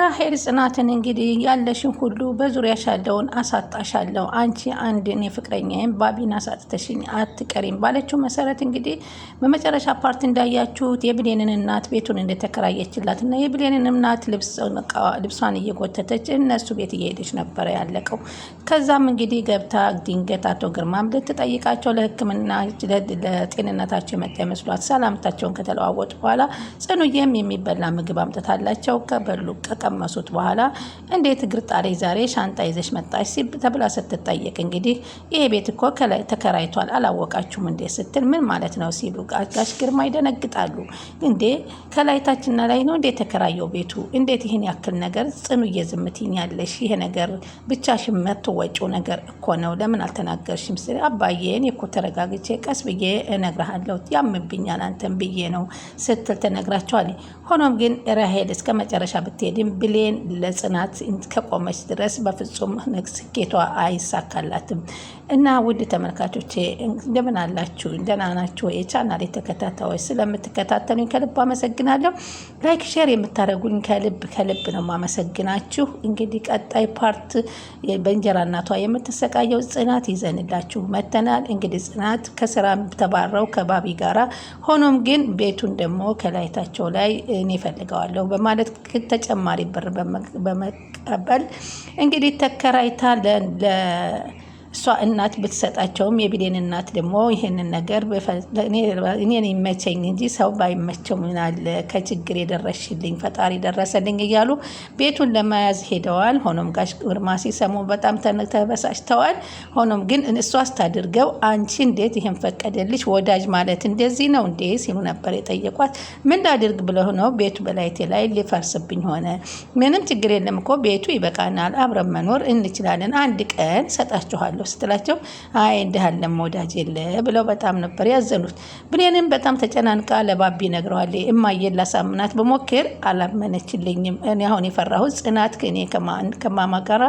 ራሄል ጽናትን እንግዲህ ያለሽን ሁሉ በዙሪያሽ ያለውን አሳጣሻለሁ፣ አንቺ አንድ እኔ ፍቅረኛዬን ባቢን አሳጥተሽኝ አትቀሪም ባለችው መሰረት እንግዲህ በመጨረሻ ፓርቲ እንዳያችሁት የብሌንን እናት ቤቱን እንደተከራየችላት እና የብሌንን እናት ልብሷን እየጎተተች እነሱ ቤት እየሄደች ነበረ ያለቀው። ከዛም እንግዲህ ገብታ ድንገት አቶ ግርማም ልትጠይቃቸው ለሕክምና ለጤንነታቸው የመጣ ይመስሏት ሰላምታቸውን ከተለዋወጡ በኋላ ጽኑዬም የሚበላ ምግብ አምጥታላቸው ከበሉ ከቀመሱት በኋላ እንዴት እግር ጣለች ዛሬ ሻንጣ ይዘሽ መጣች ሲብ ተብላ ስትጠየቅ እንግዲህ ይሄ ቤት እኮ ከላይ ተከራይቷል አላወቃችሁም እንዴ ስትል ምን ማለት ነው ሲሉ ጋሽ ግርማ ይደነግጣሉ። እንዴ ከላይታችንና ላይ ነው እንዴት ተከራየው ቤቱ እንዴት ይህን ያክል ነገር ጽኑ እየዝምትኝ ያለሽ? ይሄ ነገር ብቻሽን መትወጪው ነገር እኮ ነው ለምን አልተናገርሽም? ስል አባዬን እኮ ተረጋግቼ ቀስ ብዬ እነግርሃለሁ ያምብኛል አንተን ብዬ ነው ስትል ተነግራቸዋል። ሆኖም ግን ራሄል እስከ መጨረሻ ብትሄድ ብሌን ለጽናት ከቆመች ድረስ በፍጹም ስኬቷ አይሳካላትም። እና ውድ ተመልካቾቼ እንደምን አላችሁ? ደህና ናችሁ? የቻናሌ ተከታታዮች ስለምትከታተሉኝ ከልብ አመሰግናለሁ። ላይክ፣ ሼር የምታደርጉኝ ከልብ ከልብ ነው ማመሰግናችሁ። እንግዲህ ቀጣይ ፓርት በእንጀራ እናቷ የምትሰቃየው ጽናት ይዘንላችሁ መተናል። እንግዲህ ጽናት ከስራ ተባረው ከባቢ ጋራ ሆኖም ግን ቤቱን ደግሞ ከላይታቸው ላይ እኔ ፈልገዋለሁ በማለት ተጨማ ተጨማሪ ብር በመቀበል እንግዲህ ተከራይታ እሷ እናት ብትሰጣቸውም የብሌን እናት ደግሞ ይህንን ነገር እኔን ይመቸኝ እንጂ ሰው ባይመቸው ምናለ ከችግር የደረሽልኝ ፈጣሪ ደረሰልኝ እያሉ ቤቱን ለመያዝ ሄደዋል። ሆኖም ጋሽ ግርማ ሲሰሙ በጣም ተበሳጭተዋል። ሆኖም ግን እሷ አስታድርገው አንቺ እንዴት ይህን ፈቀደልሽ? ወዳጅ ማለት እንደዚህ ነው እንዴ ሲሉ ነበር የጠየቋት። ምን ላድርግ ብለው ነው ቤቱ በላይቴ ላይ ሊፈርስብኝ ሆነ። ምንም ችግር የለም እኮ ቤቱ ይበቃናል፣ አብረን መኖር እንችላለን። አንድ ቀን ሰጣችኋለሁ እወድሃለሁ ስትላቸው አይ እንዲህ አለም ወዳጅ የለ ብለው በጣም ነበር ያዘኑት። ብሌንም በጣም ተጨናንቃ ለባቢ ነግረዋል። እማዬን ላሳምናት በሞክር አላመነችልኝም። እኔ አሁን የፈራሁት ጽናት ከእኔ ከማማ ጋራ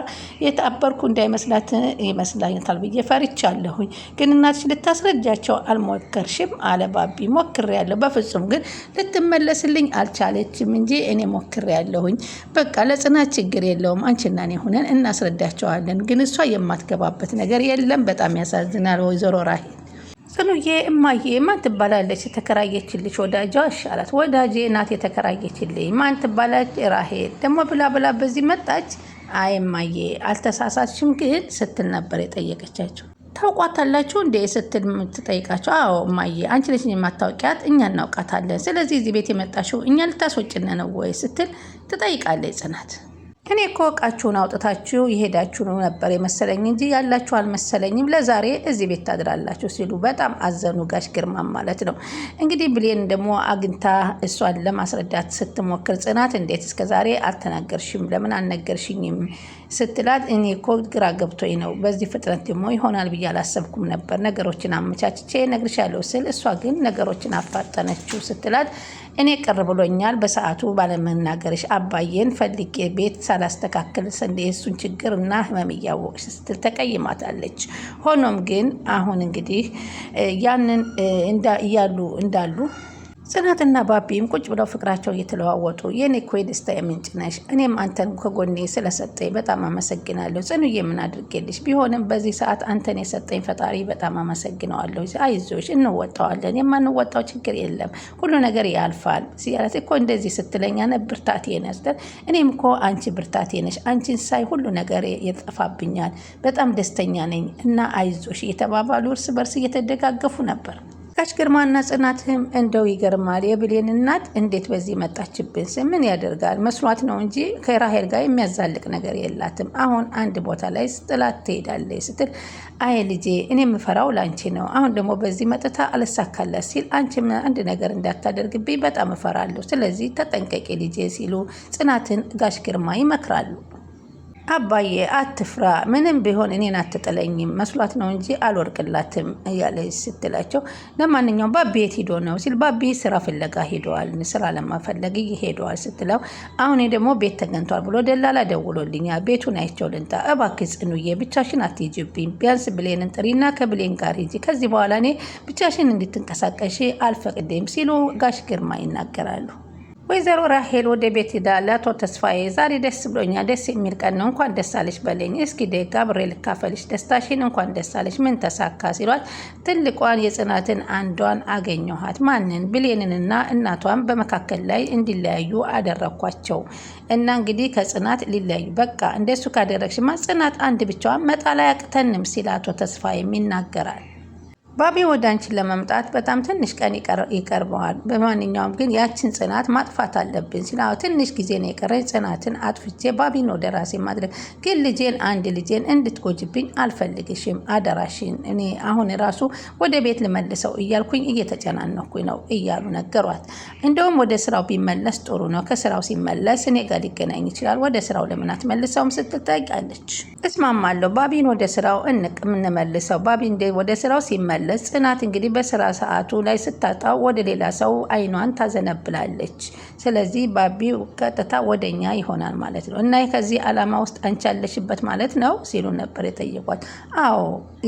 የታበርኩ እንዳይመስላት ይመስላኛታል ብዬ ፈርቻለሁኝ። ግን እናትሽ ልታስረጃቸው አልሞከርሽም አለ ባቢ። ሞክር ያለሁ በፍጹም ግን ልትመለስልኝ አልቻለችም እንጂ እኔ ሞክር ያለሁኝ። በቃ ለጽናት ችግር የለውም አንቺና እኔ ሆነን እናስረዳቸዋለን። ግን እሷ የማትገባበት ነገር ነገር የለም። በጣም ያሳዝናል። ወይዘሮ ራሄል ጽኑዬ እማዬ ማን ትባላለች? የተከራየችልሽ ወዳጅ አሻላት። ወዳጄ ናት የተከራየችልኝ። ማን ትባላች? ራሄል ደግሞ ብላ ብላ በዚህ መጣች። አይ እማዬ አልተሳሳትሽም ግን ስትል ነበር የጠየቀቻቸው። ታውቋታላችሁ እንዴ ስትል ምትጠይቃቸው። አዎ እማዬ አንቺ ልጅ የማታውቂያት እኛ እናውቃታለን። ስለዚህ እዚህ ቤት የመጣሽው እኛ ልታስወጭነ ነው ወይ ስትል ትጠይቃለች ጽናት እኔ እኮ እቃችሁን አውጥታችሁ የሄዳችሁ ነበር የመሰለኝ እንጂ ያላችሁ አልመሰለኝም። ለዛሬ እዚህ ቤት ታድራላችሁ ሲሉ በጣም አዘኑ። ጋሽ ግርማ ማለት ነው እንግዲህ ብሌን ደግሞ አግኝታ እሷን ለማስረዳት ስትሞክር ጽናት እንዴት እስከዛሬ አልተናገርሽም? ለምን አልነገርሽኝም? ስትላት እኔ እኮ ግራ ገብቶኝ ነው። በዚህ ፍጥነት ደግሞ ይሆናል ብዬ አላሰብኩም ነበር። ነገሮችን አመቻችቼ እነግርሻለሁ ስል እሷ ግን ነገሮችን አፋጠነችው ስትላት እኔ ቅር ብሎኛል በሰዓቱ ባለመናገርሽ አባዬን ፈልጌ ቤት ሳላስተካክል እንደ የሱን ችግር እና ህመም እያወቅሽ ስትል ተቀይማታለች። ሆኖም ግን አሁን እንግዲህ ያንን እያሉ እንዳሉ ጽናትና ባቢም ቁጭ ብለው ፍቅራቸው እየተለዋወጡ የኔ እኮ የደስታ የምንጭ ነሽ፣ እኔም አንተን ከጎኔ ስለሰጠኝ በጣም አመሰግናለሁ። ጽኑዬ ምን አድርጌልሽ? ቢሆንም በዚህ ሰዓት አንተን የሰጠኝ ፈጣሪ በጣም አመሰግነዋለሁ። አይዞሽ፣ እንወጣዋለን። የማንወጣው ችግር የለም፣ ሁሉ ነገር ያልፋል ሲያላት እኮ እንደዚህ ስትለኛ ነ ብርታቴ ነስተን እኔም እኮ አንቺ ብርታቴ ነሽ። አንቺን ሳይ ሁሉ ነገር የጠፋብኛል። በጣም ደስተኛ ነኝ እና አይዞሽ እየተባባሉ እርስ በርስ እየተደጋገፉ ነበር። ጋሽ ግርማና ጽናትም እንደው ይገርማል። የብሌን እናት እንዴት በዚህ መጣችብን? ምን ያደርጋል መስሏት ነው እንጂ ከራሄል ጋር የሚያዛልቅ ነገር የላትም። አሁን አንድ ቦታ ላይ ጥላት ትሄዳለች ስትል፣ አይ ልጄ እኔ የምፈራው ላንቺ ነው። አሁን ደግሞ በዚህ መጥታ አልሳካላት ሲል፣ አንቺ አንድ ነገር እንዳታደርግብኝ በጣም እፈራለሁ። ስለዚህ ተጠንቀቂ ልጄ ሲሉ ጽናትን ጋሽ ግርማ ይመክራሉ። አባዬ አትፍራ፣ ምንም ቢሆን እኔን አትጥለኝም፣ መስሏት ነው እንጂ አልወርቅላትም እያለች ስትላቸው፣ ለማንኛውም ባቤት ሂዶ ነው ሲል ባቤ ስራ ፍለጋ ሄደዋል፣ ስራ ለማፈለግ ሄደዋል ስትለው፣ አሁን ደግሞ ቤት ተገኝቷል ብሎ ደላላ ደውሎልኛል፣ ቤቱን አይቼው ልንጣ። እባክህ ጽኑዬ ብቻሽን አትሂጂብኝ፣ ቢያንስ ብሌንን ጥሪና ከብሌን ጋር ሂጂ፣ ከዚህ በኋላ እኔ ብቻሽን እንድትንቀሳቀሽ አልፈቅድም ሲሉ ጋሽ ግርማ ይናገራሉ። ወይዘሮ ራሄል ወደ ቤት ሄዳ ለአቶ ተስፋዬ ዛሬ ደስ ብሎኛ፣ ደስ የሚል ቀን ነው፣ እንኳን ደስ አለሽ በለኝ። እስኪ ደጋ ብሬ ልካፈልሽ ደስታሽን፣ እንኳን ደስ አለሽ፣ ምን ተሳካ ሲሏት ትልቋን የጽናትን አንዷን አገኘኋት። ማንን ብሌንንና እናቷን በመካከል ላይ እንዲለያዩ አደረግኳቸው እና እንግዲህ ከጽናት ሊለያዩ በቃ እንደሱ ካደረግሽማ ጽናት አንድ ብቻዋን መጣል አያቅተንም ሲል አቶ ተስፋዬም ይናገራል። ባቢ ወደ አንቺን ለመምጣት በጣም ትንሽ ቀን ይቀርበዋል። በማንኛውም ግን ያችን ጽናት ማጥፋት አለብን ሲል ትንሽ ጊዜ ነው የቀረኝ፣ ጽናትን አጥፍቼ ባቢን ወደ ራሴ ማድረግ ግን ልጄን አንድ ልጄን እንድትጎጅብኝ አልፈልግሽም፣ አደራሽን። እኔ አሁን ራሱ ወደ ቤት ልመልሰው እያልኩኝ እየተጨናነኩኝ ነው እያሉ ነገሯት። እንደውም ወደ ስራው ቢመለስ ጥሩ ነው፣ ከስራው ሲመለስ እኔ ጋር ሊገናኝ ይችላል። ወደ ስራው ለምን አትመልሰውም ስትል ጠይቃለች። እስማማለሁ፣ ባቢን ወደ ስራው እንቅ እንቅምንመልሰው ባቢ ወደ ስራው ሲመለስ ሲመለስ ጽናት እንግዲህ በስራ ሰዓቱ ላይ ስታጣው ወደ ሌላ ሰው አይኗን ታዘነብላለች። ስለዚህ ባቢ ቀጥታ ወደኛ ይሆናል ማለት ነው እና ከዚህ አላማ ውስጥ አንቺ ያለሽበት ማለት ነው ሲሉ ነበር የጠየቋት። አዎ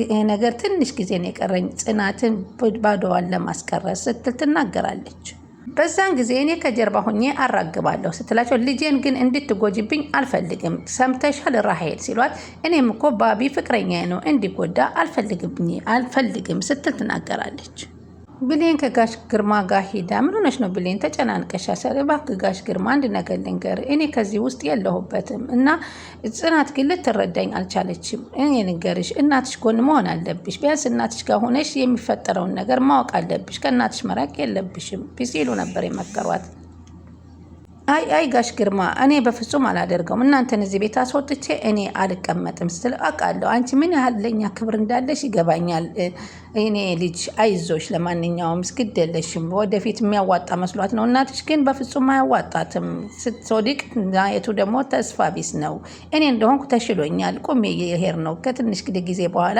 ይሄ ነገር ትንሽ ጊዜ ነው የቀረኝ ጽናትን ባዶዋን ለማስቀረት ስትል ትናገራለች። በዛን ጊዜ እኔ ከጀርባ ሆኜ አራግባለሁ ስትላቸው ልጄን ግን እንድትጎጅብኝ አልፈልግም፣ ሰምተሻል ራሄል ሲሏት እኔም እኮ ባቢ ፍቅረኛ ነው እንዲጎዳ አልፈልግም ስትል ትናገራለች። ብሌን ከጋሽ ግርማ ጋር ሂዳ ምን ሆነሽ ነው ብሌን ተጨናንቀሽ? ያሳለ እባክህ ጋሽ ግርማ አንድ ነገር ልንገር፣ እኔ ከዚህ ውስጥ የለሁበትም እና ጽናት ግን ልትረዳኝ አልቻለችም። እኔ ንገርሽ፣ እናትሽ ጎን መሆን አለብሽ። ቢያንስ እናትሽ ጋር ሆነሽ የሚፈጠረውን ነገር ማወቅ አለብሽ። ከእናትሽ መራቅ የለብሽም ሲሉ ነበር የመከሯት። አይ አይ ጋሽ ግርማ እኔ በፍጹም አላደርገውም። እናንተን እዚህ ቤት አስወጥቼ እኔ አልቀመጥም ስትል አውቃለሁ። አንቺ ምን ያህል ለእኛ ክብር እንዳለሽ ይገባኛል። እኔ ልጅ አይዞሽ፣ ለማንኛውም ግድ የለሽም። ወደፊት የሚያዋጣ መስሏት ነው። እናትሽ ግን በፍጹም አያዋጣትም። ስትወድቅ የቱ ደግሞ ተስፋ ቢስ ነው። እኔ እንደሆንኩ ተሽሎኛል። ቁሜ የሄር ነው። ከትንሽ ጊዜ በኋላ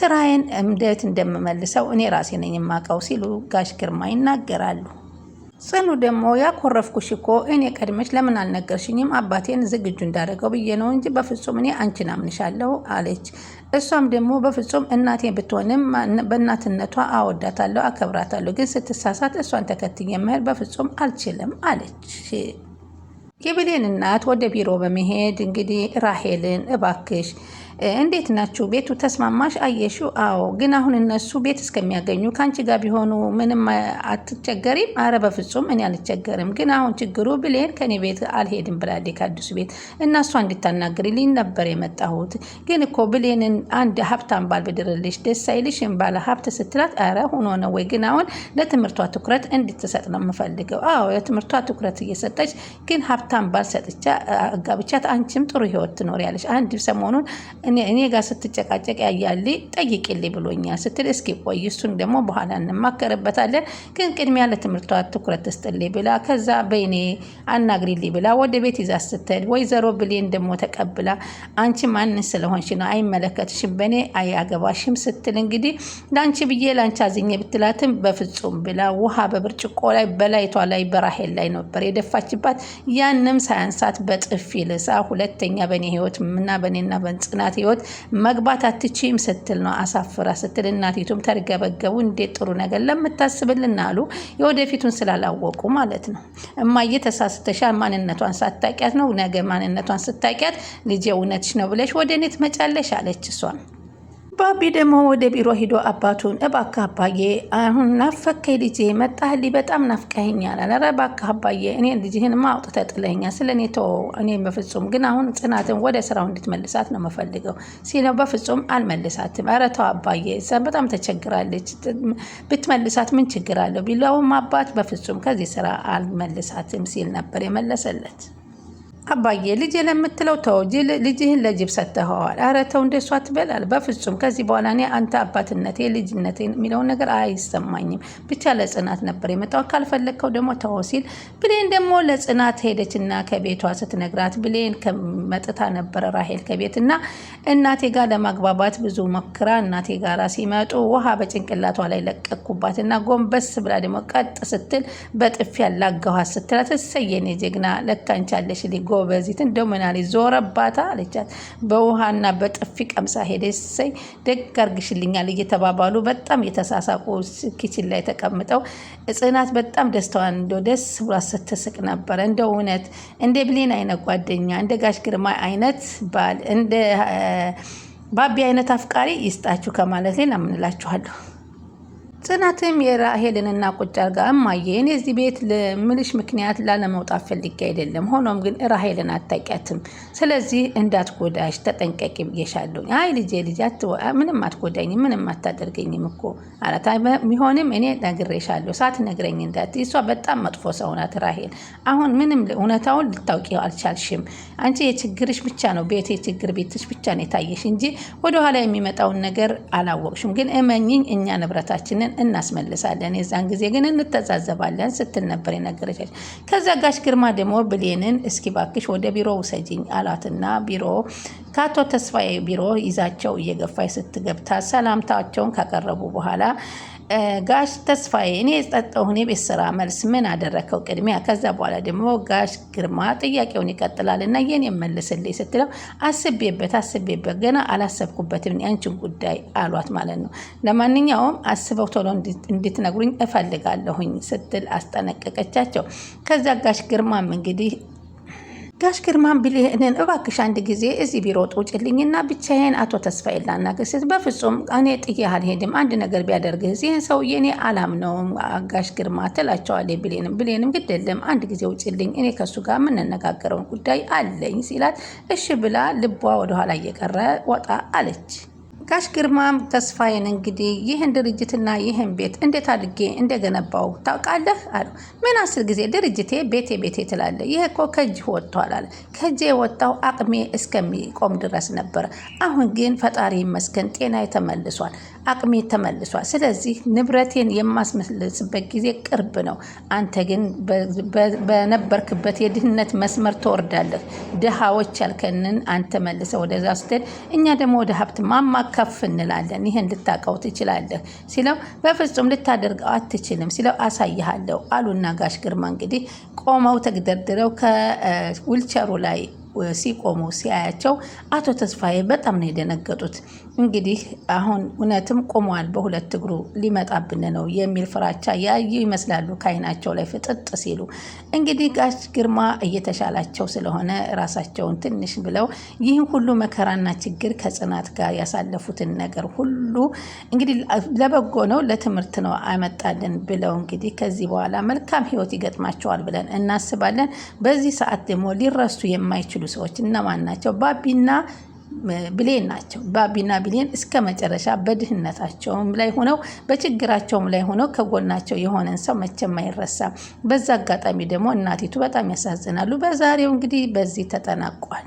ስራዬን እንዴት እንደምመልሰው እኔ ራሴ ነኝ የማውቀው ሲሉ ጋሽ ግርማ ይናገራሉ። ጽኑ ደግሞ ያኮረፍኩሽ እኮ እኔ ቀድመች ለምን አልነገርሽኝም? አባቴን ዝግጁ እንዳደረገው ብዬ ነው እንጂ በፍጹም እኔ አንቺን አምንሻለሁ አለች። እሷም ደግሞ በፍጹም እናቴ ብትሆንም በእናትነቷ አወዳታለሁ፣ አከብራታለሁ፣ ግን ስትሳሳት እሷን ተከትዬ መሄድ በፍጹም አልችልም አለች። የብሌን እናት ወደ ቢሮ በመሄድ እንግዲህ ራሄልን እባክሽ እንዴት ናችሁ? ቤቱ ተስማማሽ? አየሽው? አዎ። ግን አሁን እነሱ ቤት እስከሚያገኙ ከአንቺ ጋር ቢሆኑ ምንም አትቸገሪም? አረ በፍጹም እኔ አልቸገርም። ግን አሁን ችግሩ ብሌን ከኔ ቤት አልሄድም ብላዴ ከአዲሱ ቤት እና እሷ እንድታናግሪልኝ ነበር የመጣሁት። ግን እኮ ብሌንን አንድ ሀብታም ባል ብድርልሽ ደስ አይልሽም? ባለ ሀብት ስትላት አረ ሆኖ ነው ወይ? ግን አሁን ለትምህርቷ ትኩረት እንድትሰጥ ነው የምፈልገው። አዎ ለትምህርቷ ትኩረት እየሰጠች ግን ሀብታም ባል ሰጥቻ አጋብቻት አንቺም ጥሩ ህይወት ትኖሪያለሽ። አንድ ሰሞኑን እኔ ጋር ስትጨቃጨቅ ያያል ጠይቅልኝ ብሎኛል ስትል እስኪ ቆይ እሱን ደግሞ በኋላ እንማከርበታለን፣ ግን ቅድሚያ ለትምህርቷ ትኩረት ስጥልኝ ብላ ከዛ በይኔ አናግሪልኝ ብላ ወደ ቤት ይዛ ስትል ወይዘሮ ብሌን ደግሞ ተቀብላ አንቺ ማንን ስለሆንሽ ነው አይመለከትሽም፣ በእኔ አያገባሽም ስትል እንግዲህ ለአንቺ ብዬ ለአንቺ አዝኜ ብትላትም በፍጹም ብላ ውሃ በብርጭቆ ላይ በላይቷ ላይ በራሄል ላይ ነበር የደፋችባት። ያንም ሳያንሳት በጥፊ ልሳ ሁለተኛ በእኔ ህይወት ምና በእኔና በንጽናት እናት ህይወት መግባት አትችም ስትል ነው አሳፍራ ስትል፣ እናቲቱም ተርገበገቡ። እንዴት ጥሩ ነገር ለምታስብልን አሉ። የወደፊቱን ስላላወቁ ማለት ነው። እማዬ ተሳስተሻል፣ ማንነቷን ሳታውቂያት ነው። ነገ ማንነቷን ስታቂያት ልጄ እውነትሽ ነው ብለሽ ወደ እኔ ትመጫለሽ አለች እሷም ባቢ ደግሞ ወደ ቢሮ ሂዶ አባቱን እባክህ አባዬ አሁን ናፈከኝ ልጄ መጣህልኝ፣ በጣም ናፍቀኸኛል። ኧረ እባክህ አባዬ እኔ ልጅህን አውጥተህ ጥለኸኛል፣ ስለ እኔ ተወው። እኔ በፍጹም ግን አሁን ጽናትን ወደ ስራው እንድትመልሳት ነው የምፈልገው ሲለው በፍጹም አልመልሳትም። ኧረ ተው አባዬ፣ በጣም ተቸግራለች፣ ብትመልሳት ምን ችግር አለው ቢለውም አባት በፍጹም ከዚህ ስራ አልመልሳትም ሲል ነበር የመለሰለት። አባዬ ልጅ ለምትለው ተው፣ ልጅህን ለጅብ ሰጥተኸዋል። ኧረ ተው እንደሷ ትበላል። በፍጹም ከዚህ በኋላ እኔ አንተ አባትነቴ ልጅነቴ የሚለውን ነገር አይሰማኝም። ብቻ ለጽናት ነበር የመጣው ካልፈለግከው ደግሞ ተው ሲል ብሌን ደግሞ ለጽናት ሄደችና ከቤቷ ስትነግራት ብሌን መጥታ ነበረ ራሄል ከቤት እና እናቴ ጋር ለማግባባት ብዙ ሞክራ እናቴ ጋር ሲመጡ ውሃ በጭንቅላቷ ላይ ለቀኩባት እና ጎንበስ ብላ ደግሞ ቀጥ ስትል በጥፊ ያላገኋት ስትላት እሰየኔ ጀግና ለካንቻለሽ ሊጎ ጎበዚት እንደው ምናሌ ዞረባታ አለቻት። በውሃና በጥፊ ቀምሳ ሄደሰይ እሰይ ደግ አርግሽልኛል እየተባባሉ በጣም የተሳሳቁ ኪችን ላይ ተቀምጠው ጽናት በጣም ደስታዋን እንደ ደስ ብሏት ስትስቅ ነበረ። እንደ እውነት እንደ ብሌን አይነት ጓደኛ፣ እንደ ጋሽ ግርማ አይነት ባል፣ እንደ ባቢ አይነት አፍቃሪ ይስጣችሁ ከማለት ሌላ ምን ጽናትም የራሄልንና ቁጭ አድርጋ እማዬ የዚህ ቤት ለምልሽ ምክንያት ላለመውጣት ፈልጌ አይደለም። ሆኖም ግን ራሄልን አታውቂያትም፣ ስለዚህ እንዳትጎዳሽ ተጠንቀቂ ብዬሻለሁ። አይ ልጄ ልጄ ምንም አትጎዳኝም፣ ምንም አታደርገኝም እኮ አላት። ቢሆንም እኔ ነግሬሻለሁ፣ ሳትነግረኝ እንዳት እሷ በጣም መጥፎ ሰው ናት ራሄል። አሁን ምንም እውነታውን ልታውቂ አልቻልሽም። አንቺ የችግርሽ ብቻ ነው ቤት የችግር ቤትሽ ብቻ ነው የታየሽ እንጂ ወደኋላ የሚመጣውን ነገር አላወቅሽም። ግን እመኝኝ እኛ ንብረታችንን ብለን እናስመልሳለን። የዛን ጊዜ ግን እንተዛዘባለን ስትል ነበር የነገረቻች። ከዛ ጋሽ ግርማ ደግሞ ብሌንን እስኪ ባክሽ ወደ ቢሮ ውሰጅኝ አላትና ቢሮ ከአቶ ተስፋዬ ቢሮ ይዛቸው እየገፋች ስትገብታ ሰላምታቸውን ካቀረቡ በኋላ ጋሽ ተስፋዬ እኔ የጠጣው ሁኔ ቤት ስራ መልስ ምን አደረከው? ቅድሚያ ከዛ በኋላ ደግሞ ጋሽ ግርማ ጥያቄውን ይቀጥላል እና የኔ የመልስልኝ ስትለው አስቤበት አስቤበት ገና አላሰብኩበትም ያንችን ጉዳይ አሏት ማለት ነው። ለማንኛውም አስበው ቶሎ እንድትነግሩኝ እፈልጋለሁኝ ስትል አስጠነቀቀቻቸው። ከዛ ጋሽ ግርማም እንግዲህ ጋሽ ግርማን ብሌንን እባክሽ አንድ ጊዜ እዚህ ቢሮ ውጭልኝና ብቻዬን አቶ ተስፋዬን ላናግር በፍጹም እኔ ጥዬ አልሄድም፣ አንድ ነገር ቢያደርግህ ይህን ሰውዬ እኔ አላምነውም ጋሽ ግርማ ትላቸዋለች። ብሌንም ብሌንም ግደልም አንድ ጊዜ ውጭልኝ፣ እኔ ከሱ ጋር የምንነጋገረውን ጉዳይ አለኝ ሲላት እሺ ብላ ልቧ ወደኋላ እየቀረ ወጣ አለች። ጋሽ ግርማም ተስፋዬን እንግዲህ ይህን ድርጅትና ይህን ቤት እንዴት አድርጌ እንደገነባው ታውቃለህ አለው። ምን አስር ጊዜ ድርጅቴ ቤቴ ቤቴ ትላለ። ይህ እኮ ከእጅህ ወጥቷል አለ። ከእጅ የወጣው አቅሜ እስከሚቆም ድረስ ነበር አሁን ግን ፈጣሪ ይመስገን ጤና ተመልሷል፣ አቅሜ ተመልሷል። ስለዚህ ንብረቴን የማስመልስበት ጊዜ ቅርብ ነው። አንተ ግን በነበርክበት የድህነት መስመር ትወርዳለህ። ድሃዎች ያልከንን አንተ መልሰ ወደዛ ስትሄድ፣ እኛ ደግሞ ወደ ሀብት ማማ ከፍ እንላለን፣ ይህን ልታውቀው ትችላለህ ሲለው በፍጹም ልታደርገው አትችልም ሲለው አሳይሃለሁ አሉና ጋሽ ግርማ እንግዲህ ቆመው ተግደርድረው ከዊልቸሩ ላይ ሲቆሙ ሲያያቸው አቶ ተስፋዬ በጣም ነው የደነገጡት። እንግዲህ አሁን እውነትም ቆመዋል በሁለት እግሩ ሊመጣብን ነው የሚል ፍራቻ ያዩ ይመስላሉ ከአይናቸው ላይ ፍጥጥ ሲሉ። እንግዲህ ጋሽ ግርማ እየተሻላቸው ስለሆነ ራሳቸውን ትንሽ ብለው ይህን ሁሉ መከራና ችግር ከጽናት ጋር ያሳለፉትን ነገር ሁሉ እንግዲህ ለበጎ ነው ለትምህርት ነው አመጣልን ብለው እንግዲህ ከዚህ በኋላ መልካም ህይወት ይገጥማቸዋል ብለን እናስባለን። በዚህ ሰዓት ደግሞ ሊረሱ የማይችሉ ሰዎች እነማን ናቸው? ባቢና ብሌን ናቸው። ባቢና ብሌን እስከ መጨረሻ በድህነታቸውም ላይ ሆነው በችግራቸውም ላይ ሆነው ከጎናቸው የሆነን ሰው መቼም አይረሳም። በዛ አጋጣሚ ደግሞ እናቲቱ በጣም ያሳዝናሉ። በዛሬው እንግዲህ በዚህ ተጠናቋል።